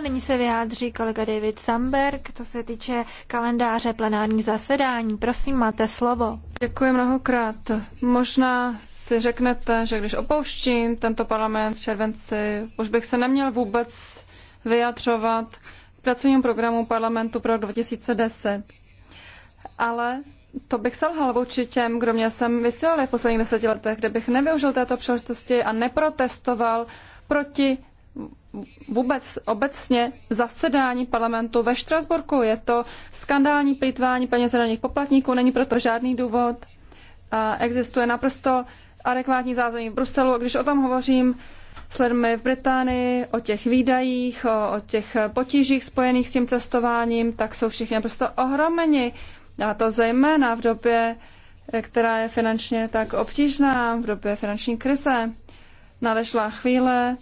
nyní se vyjádří kolega David Samberg, co se týče kalendáře plenárních zasedání. Prosím, máte slovo. Děkuji mnohokrát. Možná si řeknete, že když opouštím tento parlament v červenci, už bych se neměl vůbec vyjadřovat k pracovnímu programu parlamentu pro 2010. Ale to bych selhal vůči těm, kdo mě sem vysílali v posledních deseti letech, kde bych nevyužil této příležitosti a neprotestoval proti vůbec obecně zasedání parlamentu ve Štrasburku. Je to skandální plýtvání peněz daných poplatníků, není proto žádný důvod. A existuje naprosto adekvátní zázemí v Bruselu. Když o tom hovořím s lidmi v Británii, o těch výdajích, o, o těch potížích spojených s tím cestováním, tak jsou všichni naprosto ohromeni. A to zejména v době, která je finančně tak obtížná, v době finanční krize. Nadešla chvíle,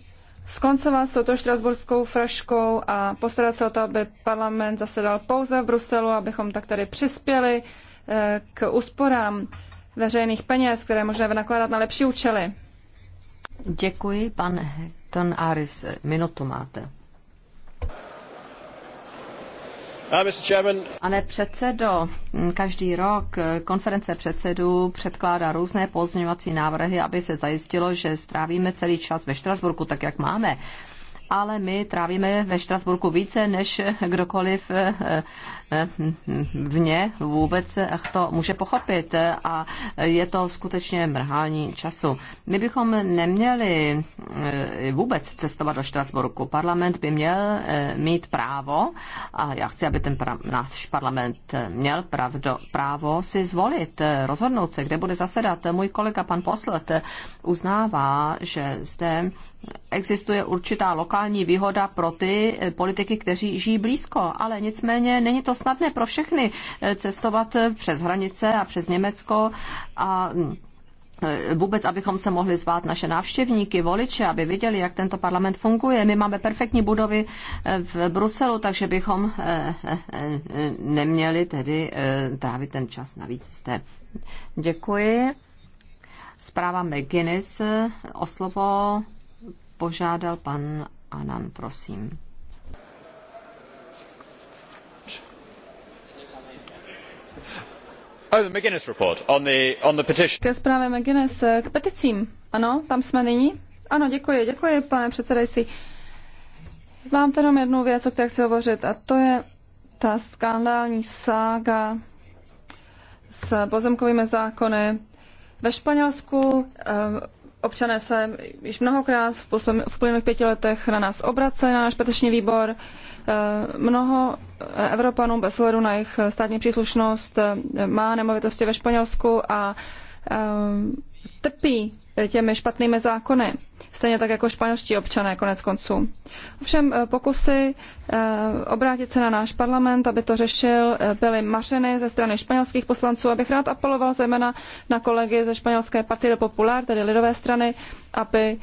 skoncovat s touto štrasburskou fraškou a postarat se o to, aby parlament zasedal pouze v Bruselu, abychom tak tady přispěli eh, k úsporám veřejných peněz, které možná nakládat na lepší účely. Děkuji, pane Hekton Aris. Minutu máte. Ah, Pane předsedo, každý rok konference předsedů předkládá různé pozměňovací návrhy, aby se zajistilo, že strávíme celý čas ve Štrasburku, tak jak máme ale my trávíme ve Štrasburku více než kdokoliv eh, eh, vně vůbec to může pochopit a je to skutečně mrhání času. My bychom neměli eh, vůbec cestovat do Štrasburku. Parlament by měl mít právo a já chci, aby ten pra- náš parlament měl pravdo, právo si zvolit, rozhodnout se, kde bude zasedat. Můj kolega pan Poslet uznává, že zde existuje určitá lokální výhoda pro ty eh, politiky, kteří žijí blízko, ale nicméně není to snadné pro všechny eh, cestovat eh, přes hranice a přes Německo a hm, vůbec, abychom se mohli zvát naše návštěvníky, voliče, aby viděli, jak tento parlament funguje. My máme perfektní budovy v Bruselu, takže bychom neměli tedy trávit ten čas navíc zde. Děkuji. Zpráva McGuinness o slovo požádal pan Anan, prosím. Oh, Ke zprávě McGuinness eh, k peticím. Ano, tam jsme nyní. Ano, děkuji, děkuji, pane předsedající. Mám tady jednu věc, o které chci hovořit, a to je ta skandální sága s pozemkovými zákony. Ve Španělsku eh, Občané se již mnohokrát v, posledních v plynulých pěti letech na nás obraceli, na náš petiční výbor. Eh, mnoho eh, Evropanů bez ohledu na jejich eh, státní příslušnost má nemovitosti ve Španělsku a trpí těmi špatnými zákony stejně tak jako španělští občané konec konců. Ovšem eh, pokusy eh, obrátit se na náš parlament, aby to řešil, eh, byly mařeny ze strany španělských poslanců. Abych rád apeloval zejména na kolegy ze španělské do Popular, tedy lidové strany, aby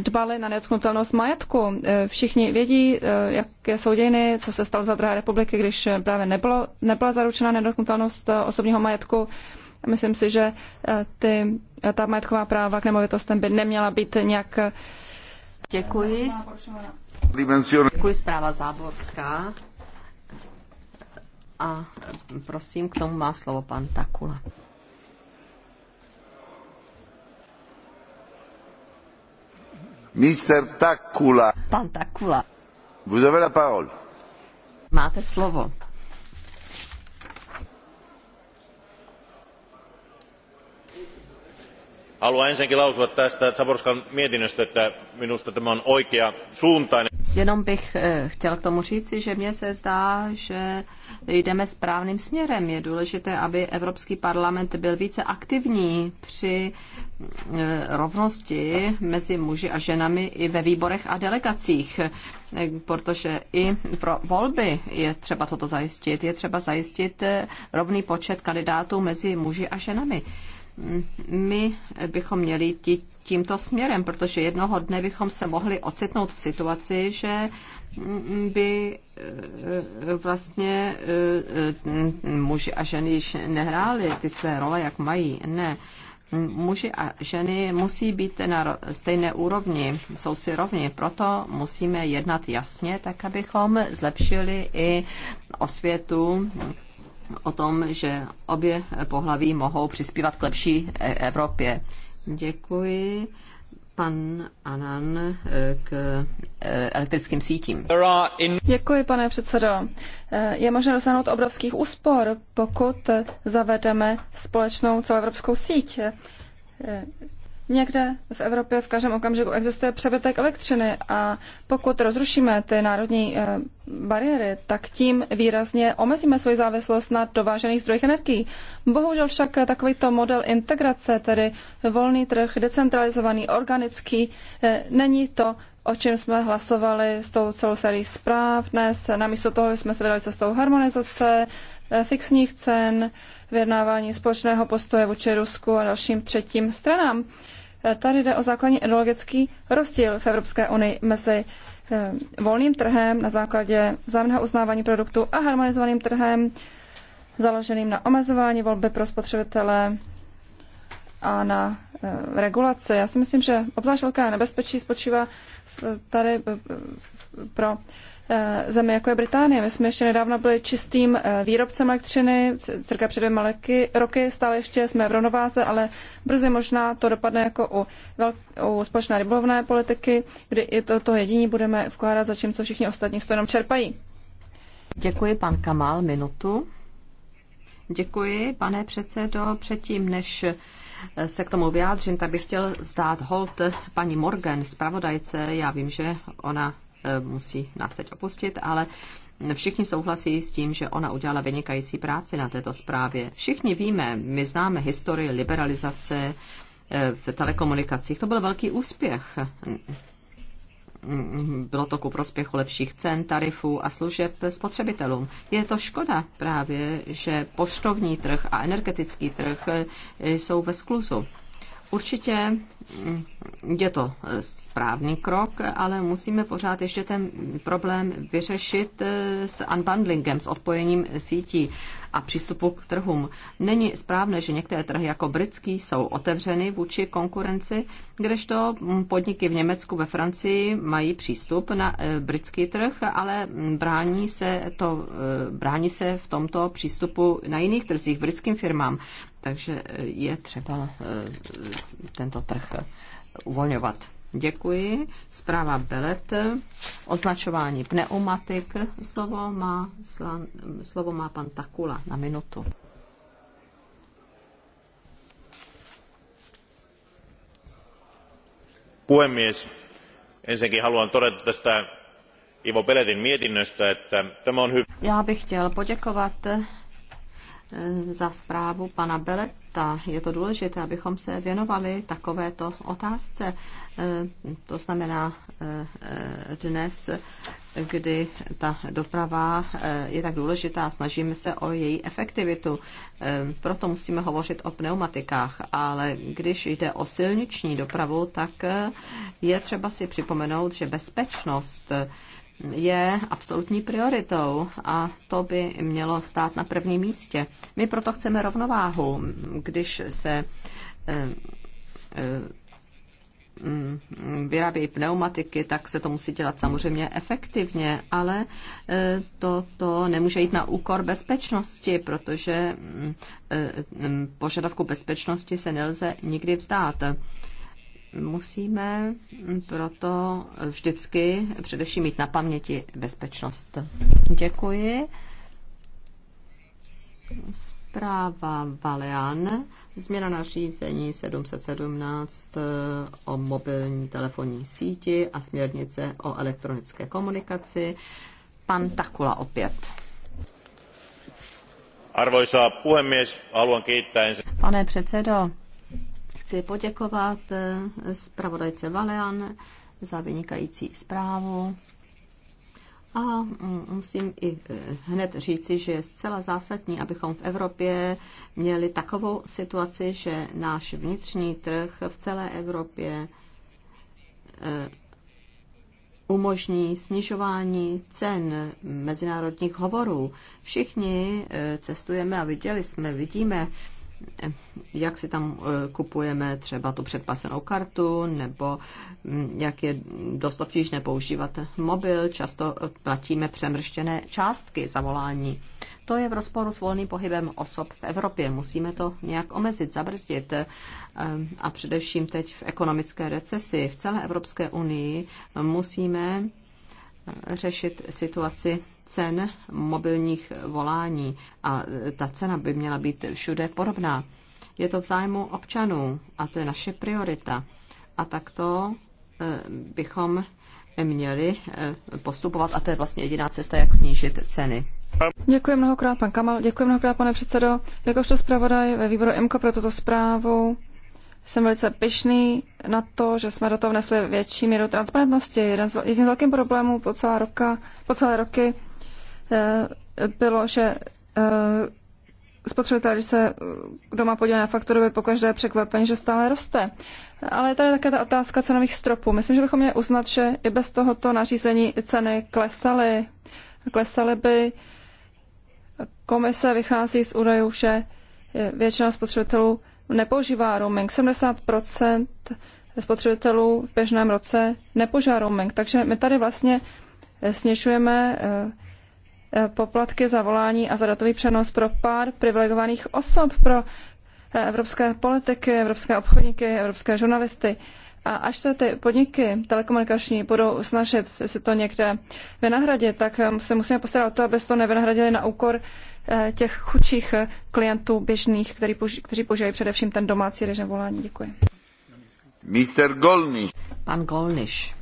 dbali na neodknutelnost majetku. Všichni vědí, jaké jsou dějiny, co se stalo za druhé republiky, když právě nebylo, nebyla zaručena neodknutelnost osobního majetku. Myslím si, že eh, ty, eh, ta majetková práva k nemovitostem by neměla být nějak eh, Děkuji. Děkuji zpráva Záborská. A prosím, k tomu má slovo pan Takula. Mr. Takula. Pan Takula. Vous avez la parole. Máte slovo. haluan ensinnäkin lausua tästä Zaborskan mietinnöstä, että minusta tämä on oikea suuntainen. Jenom bych eh, chtěl k tomu říci, že mně se zdá, že jdeme správným směrem. Je důležité, aby Evropský parlament byl více aktivní při eh, rovnosti mezi muži a ženami i ve výborech a delegacích, eh, protože i pro volby je třeba toto zajistit. Je třeba zajistit rovný počet kandidátů mezi muži a ženami my bychom měli tímto směrem, protože jednoho dne bychom se mohli ocitnout v situaci, že by e, vlastně e, e, muži a ženy již nehráli ty své role, jak mají. Ne. Muži a ženy musí být na stejné úrovni, jsou si rovni, proto musíme jednat jasně, tak abychom zlepšili i osvětu o tom, že obě pohlaví mohou přispívat k lepší e- Evropě. Děkuji pan Anan eh, k eh, elektrickým sítím. Děkuji, pane předsedo. Eh, je možné dosáhnout obrovských úspor, pokud zavedeme společnou celoevropskou síť. Někde v Evropě v každém okamžiku existuje přebytek elektřiny a pokud rozrušíme ty národní eh, bariéry, tak tím výrazně omezíme svoji závislost na dovážených zdrojích energií. Bohužel však takovýto model integrace, tedy volný trh, decentralizovaný, organický, eh, není to, o čem jsme hlasovali s tou celou sérií zpráv dnes. Namísto toho jsme se vydali cestou harmonizace, eh, fixních cen, vyjednávání společného postoje vůči Rusku a dalším třetím stranám. Eh, tady jde o základní ideologický rozdíl v Evropské unii mezi eh, volným trhem na základě vzájemného uznávání produktu a harmonizovaným trhem založeným na omezování volby pro spotřebitele a na eh, regulaci. Já si myslím, že obzvlášť velké nebezpečí spočívá tady pro Eh, zemi, jako je Británie. My jsme ještě nedávno byli čistým eh, výrobcem elektřiny, cirka před dvěma roky, stále ještě jsme v rovnováze, ale brzy možná to dopadne jako u, velk- u společné rybolovné politiky, kdy i to, to jediní budeme vkládat, zatímco všichni ostatní to jenom čerpají. Děkuji, pan Kamal, minutu. Děkuji, pane předsedo. Předtím, než eh, se k tomu vyjádřím, tak bych chtěl vzdát hold paní Morgan, zpravodajce. Já vím, že ona Eh, musí nás teď opustit, ale všichni souhlasí s tím, že ona udělala vynikající práci na této zprávě. Všichni víme, my známe historii liberalizace eh, v telekomunikacích. To byl velký úspěch. Bylo to ku prospěchu lepších cen, tarifů a služeb spotřebitelům. Je to škoda právě, že poštovní trh a energetický trh eh, jsou ve skluzu Určitě mm, je to eh, správný krok, ale musíme pořád ještě ten problém vyřešit eh, s unbundlingem, s odpojením sítí a přístupu k trhům. Není správné, že některé trhy jako britský jsou otevřeny vůči konkurenci, kdežto mm, podniky v Německu, ve Francii mají přístup na eh, britský trh, ale mm, brání se, to, brání se v tomto přístupu na jiných trzích britským firmám. Takže je třeba eh, tento trh uvolňovat. Děkuji. Zpráva Belet. Označování pneumatik. Slovo má, slovo má pan Takula na minutu. puhemies ensinnäkin haluan todeta tästä ivo beletin mietinnöstä että tämä on hyvä. já bych chtěl poděkovat Eh, za zprávu pana Beleta. Je to důležité, abychom se věnovali takovéto otázce. Eh, to znamená eh, dnes, kdy ta doprava je tak důležitá, snažíme se o její efektivitu. Proto musíme hovořit o pneumatikách, ale když jde o silniční dopravu, tak je třeba si připomenout, že bezpečnost je absolutní prioritou a to by mělo stát na prvním místě. My proto chceme rovnováhu, když se eh, eh, mm, vyrábějí pneumatiky, tak se to musí dělat samozřejmě efektivně, ale eh, to, to nemůže jít na úkor bezpečnosti, protože mm, mm, požadavku bezpečnosti se nelze nikdy vzdát. Musíme proto vždycky především mít na paměti bezpečnost. Děkuji. Zpráva Valian, změna nařízení 717 eh, o mobilní telefonní síti a směrnice o elektronické komunikaci. Pan Takula opět. Arvoisa puhemies, haluan kiittää Pane předsedo, Chci poděkovat eh, zpravodajce Valean za vynikající zprávu. A mm, musím i eh, hned říci, že je zcela zásadní, abychom v Evropě měli takovou situaci, že náš vnitřní trh v celé Evropě eh, umožní snižování cen mezinárodních hovorů. Všichni cestujeme a viděli jsme, vidíme, Eh, jak si tam eh, kupujeme třeba tu předpasenou kartu, nebo hm, jak je dost obtížné používat mobil, často eh, platíme přemrštěné částky za volání. To je v rozporu s volným pohybem osob v Evropě. Musíme to nějak omezit, zabrzdit a především teď v ekonomické recesi v celé Evropské unii musíme řešit situaci cen mobilních volání a ta cena by měla být všude podobná. Je to v zájmu občanů a to je naše priorita. A takto eh, bychom měli eh, postupovat a to je vlastně jediná cesta, jak snížit ceny. Děkuji mnohokrát, pan Kamal, děkuji mnohokrát, pane předsedo. Jakožto zpravodaj ve výboru MK pro tuto zprávu jsem velice pyšný na to, že jsme do toho vnesli větší míru transparentnosti. Jeden z, jedním z velkým problémů po, celá roka, po celé roky eh, bylo, že eh, spotřebitel, když se eh, doma podívá na fakturu, by pokaždé překvapení, že stále roste. Ale je tady také ta otázka cenových stropů. Myslím, že bychom měli uznat, že i bez tohoto nařízení ceny klesaly. Klesaly by. Komise vychází z údajů, že Eh, většina spotřebitelů nepoužívá roaming. 70 spotřebitelů v běžném roce nepoužívá roaming. Takže my tady vlastně eh, snižujeme eh, poplatky za volání a za datový přenos pro pár privilegovaných osob, pro evropské politiky, evropské obchodníky, evropské žurnalisty. A až se ty podniky telekomunikační budou snažit si to někde vynahradit, tak se musíme postarat o to, aby se to nevynahradili na úkor Eh, těch chudších eh, klientů běžných, který, kteří používají především ten domácí režim volání. Děkuji. Mr. Golniš. Pan Golniš.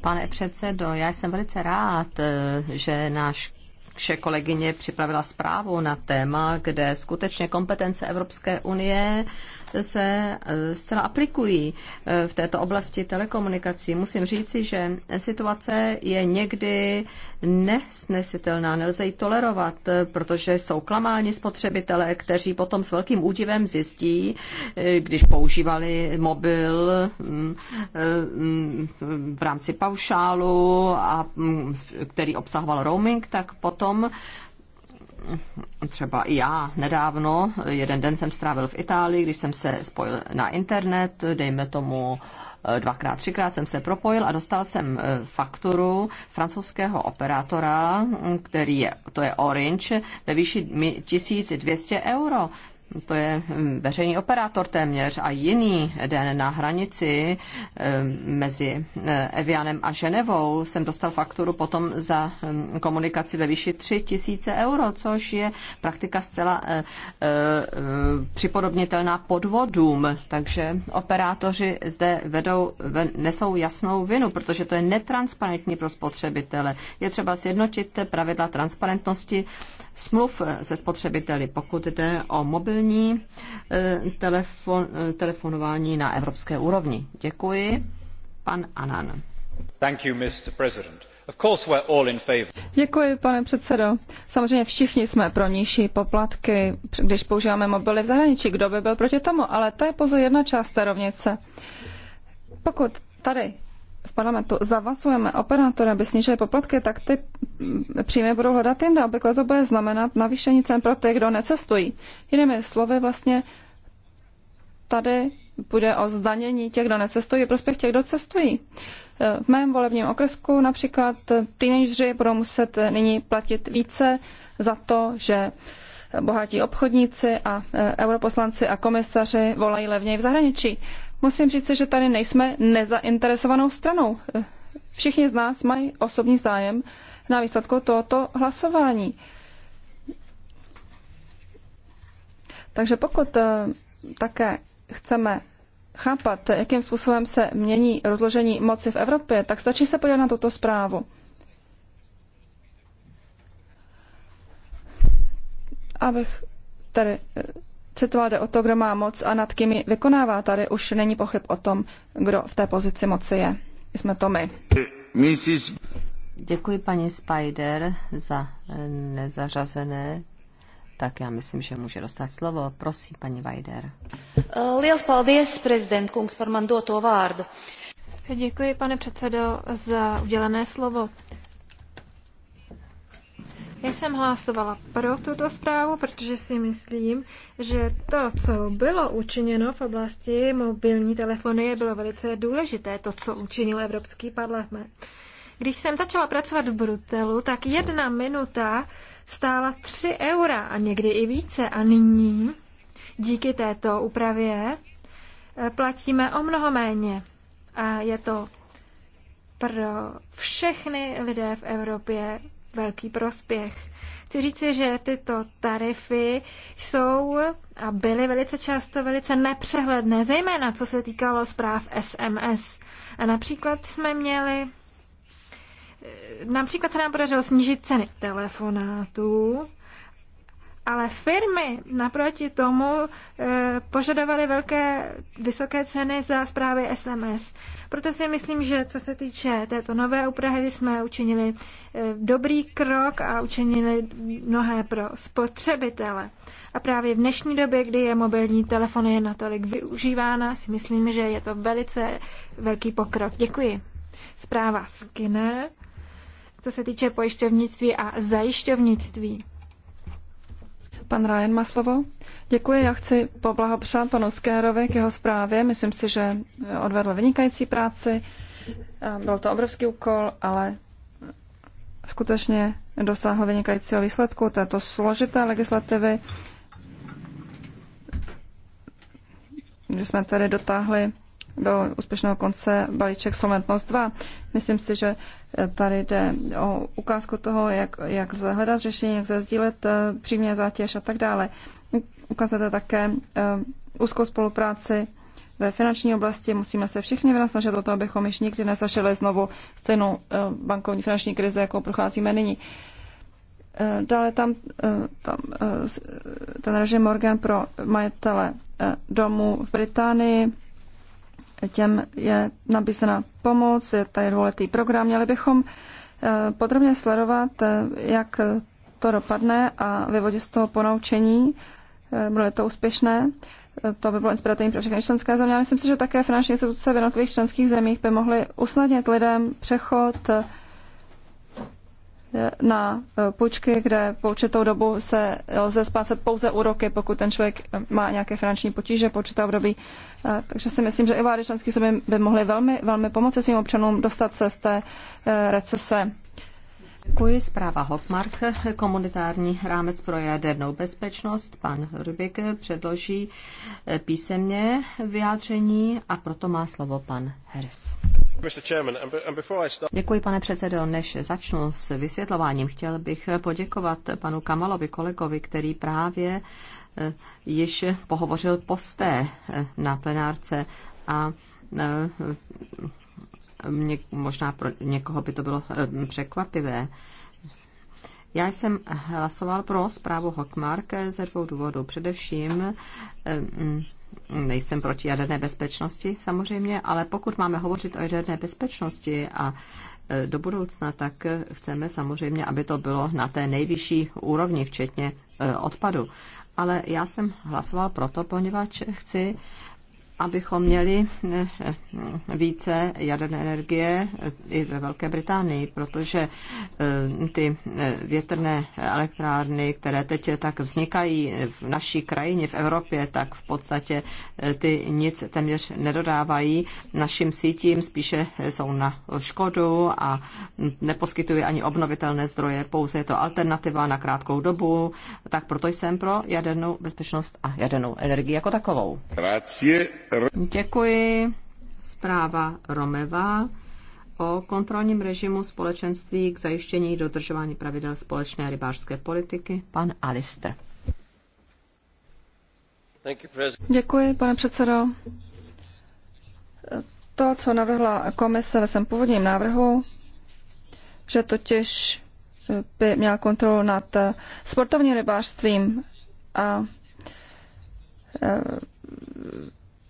Pane předsedo, já jsem velice rád, eh, že náš naše kolegyně připravila zprávu na téma, kde skutečně kompetence Evropské unie se eh, zcela aplikují eh, v této oblasti telekomunikací. Musím říci, že situace je někdy nesnesitelná, nelze ji tolerovat, eh, protože jsou klamáni spotřebitelé, kteří potom s velkým údivem zjistí, když používali mobil mm, mm, v rámci paušálu, a, mm, který obsahoval roaming, tak potom třeba i já nedávno, jeden den jsem strávil v Itálii, když jsem se spojil na internet, dejme tomu eh, dvakrát, třikrát jsem se propojil a dostal jsem eh, fakturu francouzského operátora, mm, který je, to je Orange, ve výši 1200 euro to je hm, veřejný operátor téměř a jiný den na hranici hm, mezi hm, Evianem a Ženevou jsem dostal fakturu potom za komunikaci ve výši 3 tisíce euro, což je praktika zcela eh, eh, připodobnitelná podvodům. Takže operátoři zde vedou, nesou jasnou vinu, protože to je netransparentní pro spotřebitele. Je třeba sjednotit pravidla transparentnosti smluv se spotřebiteli, pokud jde o mobilní eh, telefon, eh, telefonování na evropské úrovni. Děkuji. Pan Anan. Thank you, Mr. President. Děkuji, pane předsedo. Samozřejmě všichni jsme pro nižší poplatky, když používáme mobily v zahraničí. Kdo by byl proti tomu? Ale to je pouze jedna část té rovnice. Pokud tady v parlamentu zavazujeme operátory, aby snížili poplatky, tak ty příjmy budou hledat jinde. Obvykle to bude znamenat navýšení cen pro ty, kdo necestují. Jinými slovy, vlastně tady bude o zdanění těch, kdo necestují, prospěch těch, kdo cestují. V mém volebním okresku například teenageři budou muset nyní platit více za to, že bohatí obchodníci a europoslanci a komisaři volají levněji v zahraničí. Musím říct, že tady nejsme nezainteresovanou stranou. Všichni z nás mají osobní zájem na výsledku tohoto hlasování. Takže pokud eh, také chceme chápat, jakým způsobem se mění rozložení moci v Evropě, tak stačí se podívat na tuto zprávu. Abych tedy eh, Citoval jde o to, kdo má moc a nad kým ji vykonává. Tady už není pochyb o tom, kdo v té pozici moci je. Jsme to my. Děkuji paní Spider za eh, nezařazené. Tak já myslím, že může dostat slovo. Prosím, paní Vajder. Eh, liels paldies, prezident Kungs, par Děkuji, pane předsedo, za udělené slovo. Já jsem hlasovala pro tuto zprávu, protože si myslím, že to, co bylo učiněno v oblasti mobilní telefonie, bylo velice důležité, to, co učinil Evropský parlament. Když jsem začala pracovat v Brutelu, tak jedna minuta stála 3 eura a někdy i více. A nyní, díky této úpravě, platíme o mnoho méně. A je to pro všechny lidé v Evropě velký prospěch. Chci říci, že tyto tarify jsou a byly velice často velice nepřehledné, zejména co se týkalo zpráv SMS. A například jsme měli eh, Například se nám podařilo snížit ceny telefonátů, ale firmy naproti tomu e, požadovaly velké, vysoké ceny za zprávy SMS. Proto si myslím, že co se týče této nové úpravy, jsme učinili e, dobrý krok a učinili mnohé pro spotřebitele. A právě v dnešní době, kdy je mobilní je natolik využívána, si myslím, že je to velice velký pokrok. Děkuji. Zpráva Skinner, co se týče pojišťovnictví a zajišťovnictví. Pan Ryan má slovo. Děkuji, já chci poblahopřát panu Skérovi k jeho zprávě. Myslím si, že odvedl vynikající práci. Ehm, byl to obrovský úkol, ale skutečně dosáhl vynikajícího výsledku této složité legislativy, že jsme tady dotáhli do úspěšného konce balíček Solventnost 2. Myslím si, že tady jde o ukázku toho, jak, jak lze hledat řešení, jak lze sdílet eh, přímě zátěž a tak dále. Ukazujete také eh, úzkou spolupráci ve finanční oblasti musíme se všichni vynasnažit o to, abychom již nikdy nezašili znovu stejnou eh, bankovní finanční krizi, jakou procházíme nyní. Dále tam, tam ten režim Morgan pro majitele domů v Británii těm je nabízena pomoc, je tady dvouletý program. Měli bychom eh, podrobně sledovat, eh, jak to dopadne a vyvodit z toho ponaučení, eh, bude to úspěšné. To by bylo inspirativní pro všechny členské země. Já myslím si, že také finanční instituce v jednotlivých členských zemích by mohly usnadnit lidem přechod na e, půjčky, kde po určitou dobu se e, lze splácet pouze úroky, pokud ten člověk e, má nějaké finanční potíže po určité období. Takže si myslím, že i vlády členských zemí by mohly velmi, velmi pomoci svým občanům dostat se z té recese. Děkuji. Zpráva Hofmark, komunitární rámec pro jadernou bezpečnost. Pan Rubik předloží eh, písemně vyjádření a proto má slovo pan Hers. Děkuji, pane předsedo. Než začnu s vysvětlováním, chtěl bych eh, poděkovat panu Kamalovi kolegovi, který právě eh, již pohovořil posté na plenárce a možná pro někoho by to bylo eh, překvapivé. Já jsem hlasoval pro zprávu Hotmark ze dvou důvodů. Především eh, nejsem proti jaderné bezpečnosti samozřejmě, ale pokud máme hovořit o jaderné bezpečnosti a eh, do budoucna, tak chceme samozřejmě, aby to bylo na té nejvyšší úrovni, včetně odpadu. Ale já jsem hlasoval proto, poněvadž chci abychom měli eh, eh, více jaderné energie eh, i ve Velké Británii, protože ty větrné elektrárny, které teď tak vznikají v naší krajině, v Evropě, tak v podstatě ty nic téměř nedodávají našim sítím, spíše jsou na škodu a neposkytují ani obnovitelné zdroje, pouze je to alternativa na krátkou dobu, tak proto jsem pro jadernou bezpečnost a jadernou energii jako takovou. Grazie. Děkuji. Zpráva Romeva o kontrolním režimu společenství k zajištění dodržování pravidel společné rybářské politiky. Pan Alister. Děkuji, pane předsedo. To, co navrhla komise ve svém původním návrhu, že totiž by měla kontrolu nad sportovním rybářstvím a e,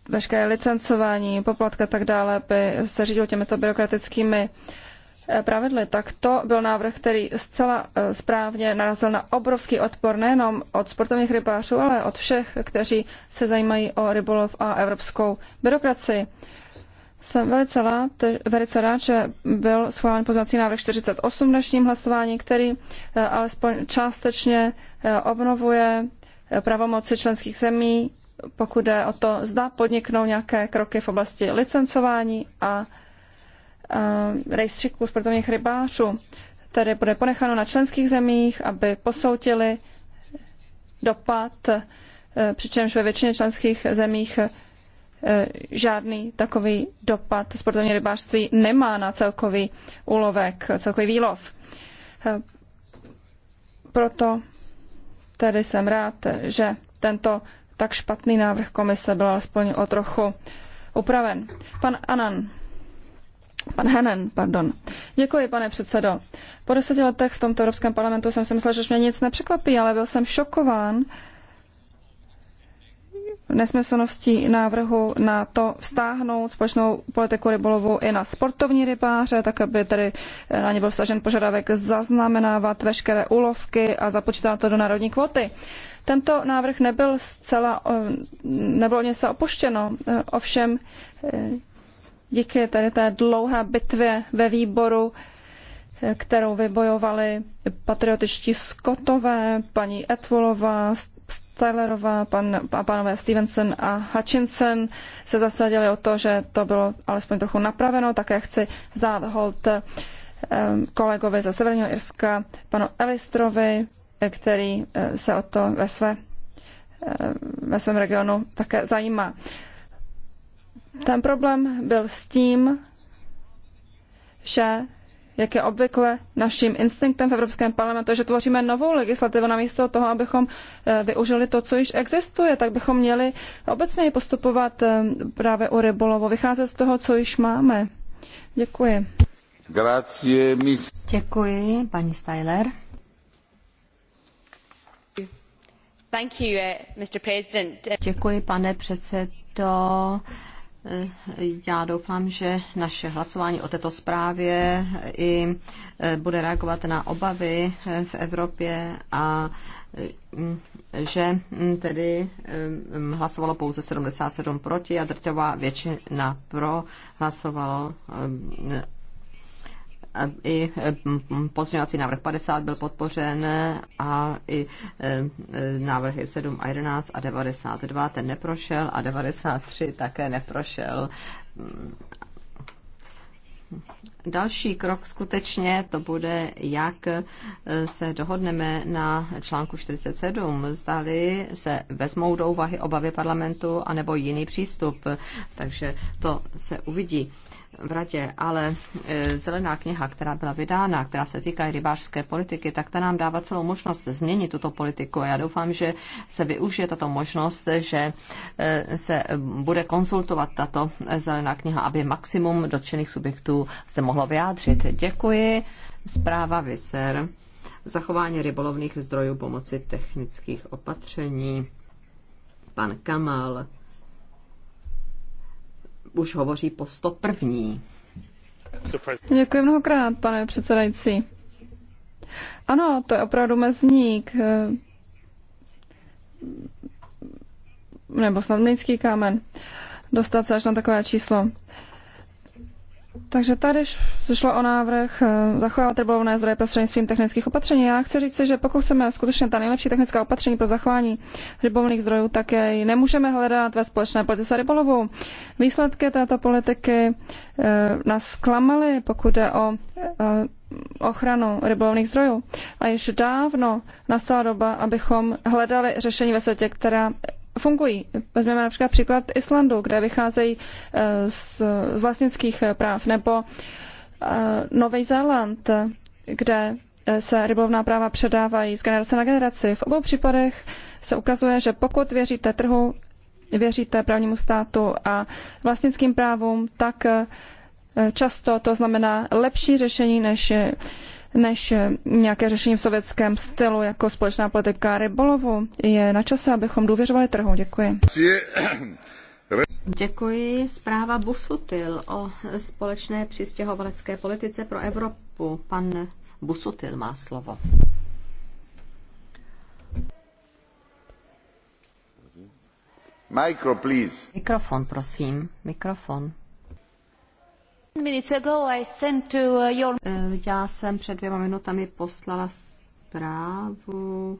veškeré licencování, poplatky a tak dále by se řídil těmito byrokratickými eh, pravidly. Tak to byl návrh, který zcela eh, správně narazil na obrovský odpor nejenom od sportovních rybářů, ale od všech, kteří se zajímají o rybolov a evropskou byrokracii. Jsem velice rád, velice rád, že byl schválen poznací návrh 48 dnešním hlasování, který eh, alespoň částečně obnovuje pravomoci členských zemí pokud jde o to, zda podniknou nějaké kroky v oblasti licencování a rejstříků sportovních rybářů. Tedy bude ponecháno na členských zemích, aby posoutili dopad, e, přičemž ve většině členských zemích e, žádný takový dopad sportovní rybářství nemá na celkový úlovek, celkový výlov. E, proto tedy jsem rád, že tento tak špatný návrh komise byl alespoň o trochu upraven. Pan Anan. Pan Henen, pardon. Děkuji, pane předsedo. Po deseti letech v tomto Evropském parlamentu jsem si myslel, že mě nic nepřekvapí, ale byl jsem šokován nesmyslností návrhu na to vztáhnout společnou politiku rybolovu i na sportovní rybáře, tak aby tedy na ně byl vstažen požadavek zaznamenávat veškeré úlovky a započítat to do národní kvoty. Tento návrh nebyl zcela, nebylo něco opuštěno, e, ovšem e, díky tady té dlouhé bitvě ve výboru, e, kterou vybojovali patriotičtí Skotové, paní Etvolová, Stylerová, pan, a panové Stevenson a Hutchinson se zasadili o to, že to bylo alespoň trochu napraveno. Také chci vzdát hold kolegovi ze Severního Irska, panu Elistrovi, který eh, se o to ve, své, eh, ve svém regionu také zajímá. Ten problém byl s tím, že jak je obvykle naším instinktem v Evropském parlamentu, že tvoříme novou legislativu namísto toho, abychom eh, využili to, co již existuje, tak bychom měli obecně postupovat právě u rybolovu, vycházet z toho, co již máme. Děkuji. Grazie, Děkuji, paní Styler. Eh, Děkuji, pane předsedající Já doufám, že naše hlasování o této zprávě eh, bude reagovat na obavy eh, v Evropě a mm, že mm, tedy hlasovalo pouze 77 proti a drtivá většina pro hlasovalo i mm, pozměňovací návrh 50 byl podpořen a i e, e, návrhy 7 a 11 a 92 ten neprošel a 93 také neprošel. Další krok skutečně to bude, jak e, se dohodneme na článku 47. Zdali se vezmou do úvahy obavy parlamentu anebo jiný přístup. Takže to se uvidí v radě, ale e, zelená kniha, která byla vydána, která se týká rybářské politiky, tak ta nám dává celou možnost změnit tuto politiku. A já doufám, že se využije tato možnost, že e, se bude konsultovat tato zelená kniha, aby maximum dotčených subjektů se mohlo vyjádřit. Děkuji. Zpráva Viser. Zachování rybolovných zdrojů pomocí technických opatření. Pan Kamal už hovoří po 101. Děkuji mnohokrát, pane předsedající. Ano, to je opravdu mezník. Eh, nebo snad kámen. Dostat se až na takové číslo. Takže tady šlo o návrh eh, zachovávat rybolovné zdroje prostřednictvím technických opatření. Já chci říct, že pokud chceme skutečně ta nejlepší technická opatření pro zachování rybolovných zdrojů, tak je nemůžeme hledat ve společné politice rybolovu. Výsledky této politiky eh, nás zklamaly, pokud jde o eh, ochranu rybolovných zdrojů. A již dávno nastala doba, abychom hledali řešení ve světě, která fungují. Vezmeme například příklad Islandu, kde vycházejí eh, z, z vlastnických eh, práv, nebo eh, Nový Zéland, kde se rybovná práva předávají z generace na generaci. V obou případech se ukazuje, že pokud věříte trhu, věříte právnímu státu a vlastnickým právům, tak často to znamená lepší řešení než než nějaké řešení v sovětském stylu jako společná politika rybolovu. Je na čase, abychom důvěřovali trhu. Děkuji. Děkuji. Zpráva Busutil o společné přistěhovalecké politice pro Evropu. Pan Busutil má slovo. Micro, please. Mikrofon, prosím. Mikrofon. Uh, eh, já jsem před dvěma minutami poslala zprávu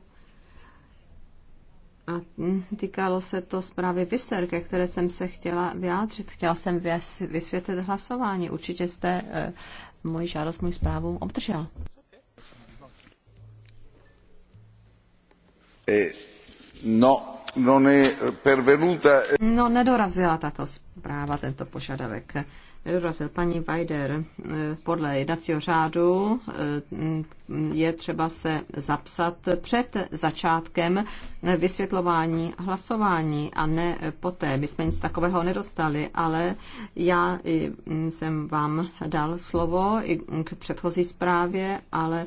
a hm, týkalo se to zprávy Viser, ke které jsem se chtěla vyjádřit. Chtěla jsem vysvětlit hlasování. Určitě jste můj eh, moji žádost, moji zprávu obdržel. Eh, no, no, è pervenuta... no, nedorazila tato zpráva, tento požadavek. Rozel paní Vajder. Eh, podle jednacího řádu eh, je třeba se zapsat před začátkem vysvětlování hlasování a ne poté. My jsme nic takového nedostali, ale já eh, jsem vám dal slovo i k předchozí zprávě, ale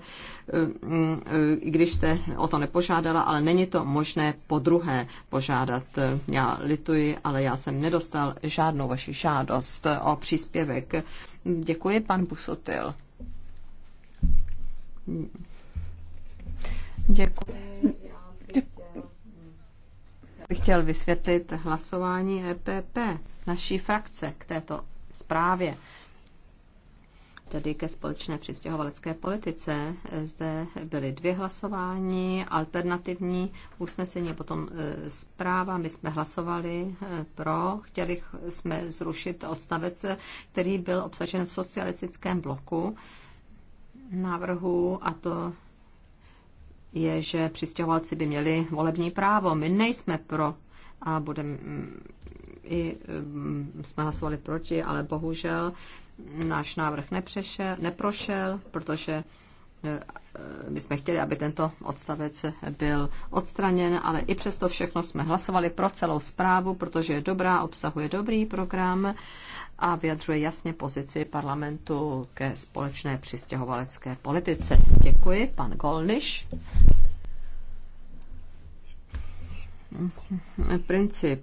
Eh, i když jste o to nepožádala, ale není to možné po druhé požádat. Já lituji, ale já jsem nedostal žádnou vaši žádost o příspěvek. Děkuji, pan Busotil. Děkuji. Bych chtěl vysvětlit hlasování EPP, naší frakce, k této zprávě tedy ke společné přistěhovalecké politice. Zde byly dvě hlasování, alternativní usnesení, potom e, zpráva. My jsme hlasovali e, pro, chtěli jsme zrušit odstavec, který byl obsažen v socialistickém bloku návrhu a to je, že přistěhovalci by měli volební právo. My nejsme pro a budeme mm, i mm, jsme hlasovali proti, ale bohužel náš návrh nepřešel, neprošel, protože eh, eh, my jsme chtěli, aby tento odstavec byl odstraněn, ale i přesto všechno jsme hlasovali pro celou zprávu, protože je dobrá, obsahuje dobrý program a vyjadřuje jasně pozici parlamentu ke společné přistěhovalecké politice. Děkuji, pan Golniš princip,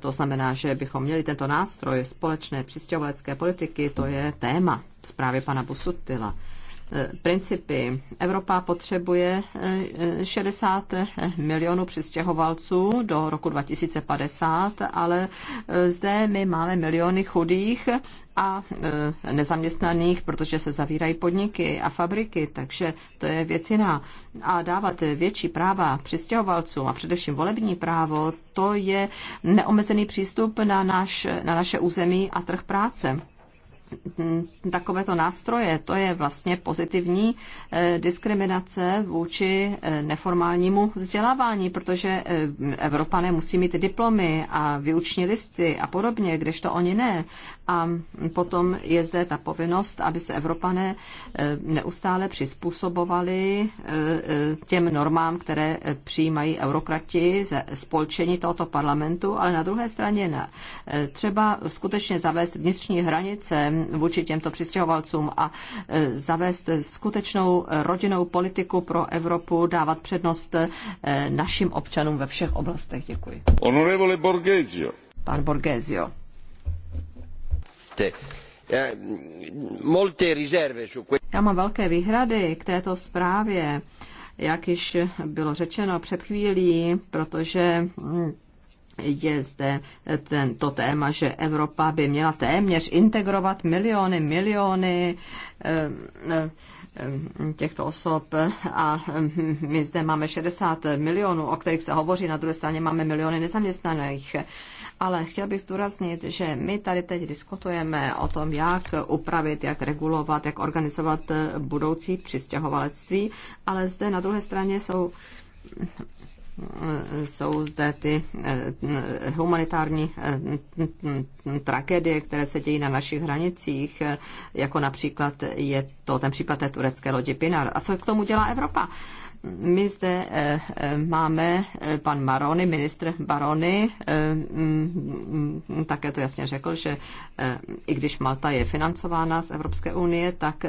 to znamená, že bychom měli tento nástroj společné přistěhovalecké politiky, to je téma zprávy pana Busutila. Eh, principy. Evropa potřebuje 60 eh, milionů přistěhovalců do roku 2050, ale eh, zde my máme miliony chudých a nezaměstnaných, protože se zavírají podniky a fabriky, takže to je věc jiná. A dávat větší práva přistěhovalcům a především volební právo, to je neomezený přístup na, naš, na naše území a trh práce. Mm, takovéto nástroje, to je vlastně pozitivní eh, diskriminace vůči eh, neformálnímu vzdělávání, protože eh, Evropané musí mít diplomy a výuční listy a podobně, kdežto oni ne. A potom je zde ta povinnost, aby se Evropané neustále přizpůsobovali těm normám, které přijímají eurokrati ze spolčení tohoto parlamentu, ale na druhé straně třeba skutečně zavést vnitřní hranice vůči těmto přistěhovalcům a e, zavést skutečnou rodinnou politiku pro Evropu, dávat přednost e, našim občanům ve všech oblastech. Děkuji. Honorevole Borghesio. Pan Borghesio. Te. E, Já mám velké výhrady k této zprávě, jak již bylo řečeno před chvílí, protože mm, je zde tento téma, že Evropa by měla téměř integrovat miliony, miliony eh, eh, těchto osob a my zde máme 60 milionů, o kterých se hovoří, na druhé straně máme miliony nezaměstnaných. Ale chtěl bych zdůraznit, že my tady teď diskutujeme o tom, jak upravit, jak regulovat, jak organizovat budoucí přistěhovalectví, ale zde na druhé straně jsou jsou zde ty eh, humanitární eh, tragédie, které se dějí na našich hranicích, eh, jako například je to ten případ té turecké lodi Pinar. A co k tomu dělá Evropa? My zde máme pan Marony, ministr Barony, také to jasně řekl, že i když Malta je financována z Evropské unie, tak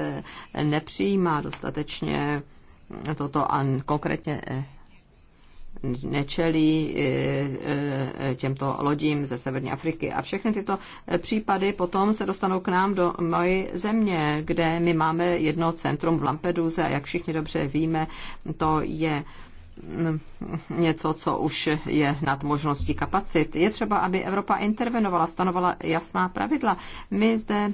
nepřijímá dostatečně toto a konkrétně nečelí e, e, těmto lodím ze Severní Afriky. A všechny tyto e, případy potom se dostanou k nám do mojej země, kde my máme jedno centrum v Lampeduze a jak všichni dobře víme, to je mm, něco, co už je nad možností kapacit. Je třeba, aby Evropa intervenovala, stanovala jasná pravidla. My zde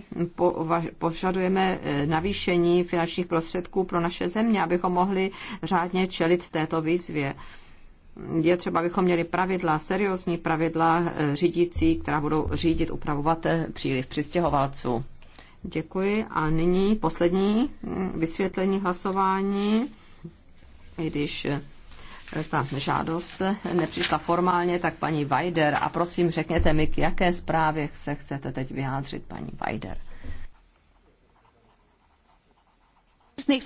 požadujeme navýšení finančních prostředků pro naše země, abychom mohli řádně čelit této výzvě je třeba, abychom měli pravidla, seriózní pravidla eh, řídící, která budou řídit, upravovat eh, příliv přistěhovalců. Děkuji. A nyní poslední mm, vysvětlení hlasování. I když eh, ta žádost nepřišla formálně, tak paní Vajder. A prosím, řekněte mi, k jaké zprávě se chcete teď vyjádřit, paní Vajder.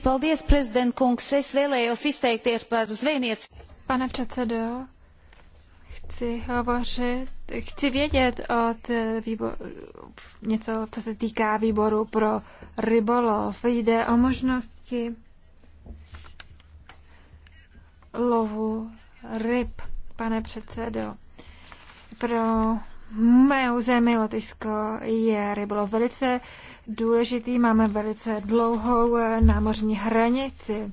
Paldies, prezident Kungs. Es vēlējos izteikties par zvejniecību. Pane předsedo, chci hovořit, chci vědět od výbo- něco, co se týká výboru pro rybolov. Jde o možnosti lovu ryb, pane předsedo. Pro mého zemi Lotyšsko je rybolov velice důležitý. Máme velice dlouhou eh, námořní hranici.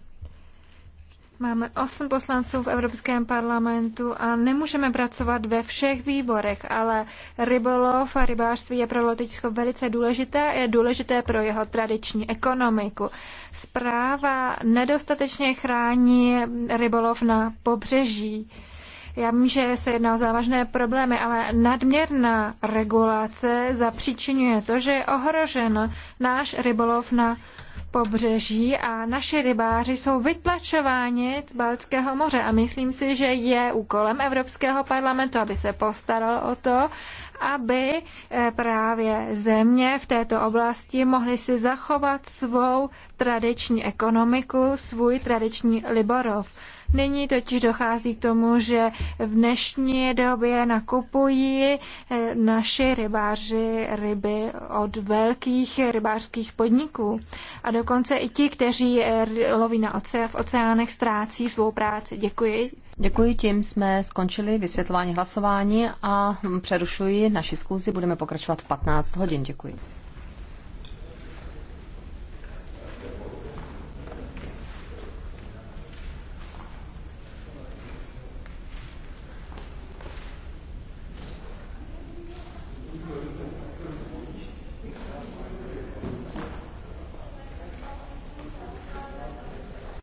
Máme osm poslanců v Evropském parlamentu a nemůžeme pracovat ve všech výborech, ale rybolov a rybářství je pro Lotyčsko velice důležité a je důležité pro jeho tradiční ekonomiku. Zpráva nedostatečně chrání rybolov na pobřeží. Já vím, že se jedná o závažné problémy, ale nadměrná regulace zapříčinuje to, že je ohrožen náš rybolov na pobřeží a naši rybáři jsou vytlačováni z Baltského moře a myslím si, že je úkolem Evropského parlamentu, aby se postaral o to, aby eh, právě země v této oblasti mohly si zachovat svou tradiční ekonomiku, svůj tradiční Liborov. Nyní totiž dochází k tomu, že v dnešní době nakupují eh, naši rybáři ryby od velkých rybářských podniků. A dokonce i ti, kteří eh, loví na oce, v oceánech, ztrácí svou práci. Děkuji. Děkuji, tím jsme skončili vysvětlování hlasování a hm, přerušuji naši zkouzi. Budeme pokračovat v 15 hodin. Děkuji.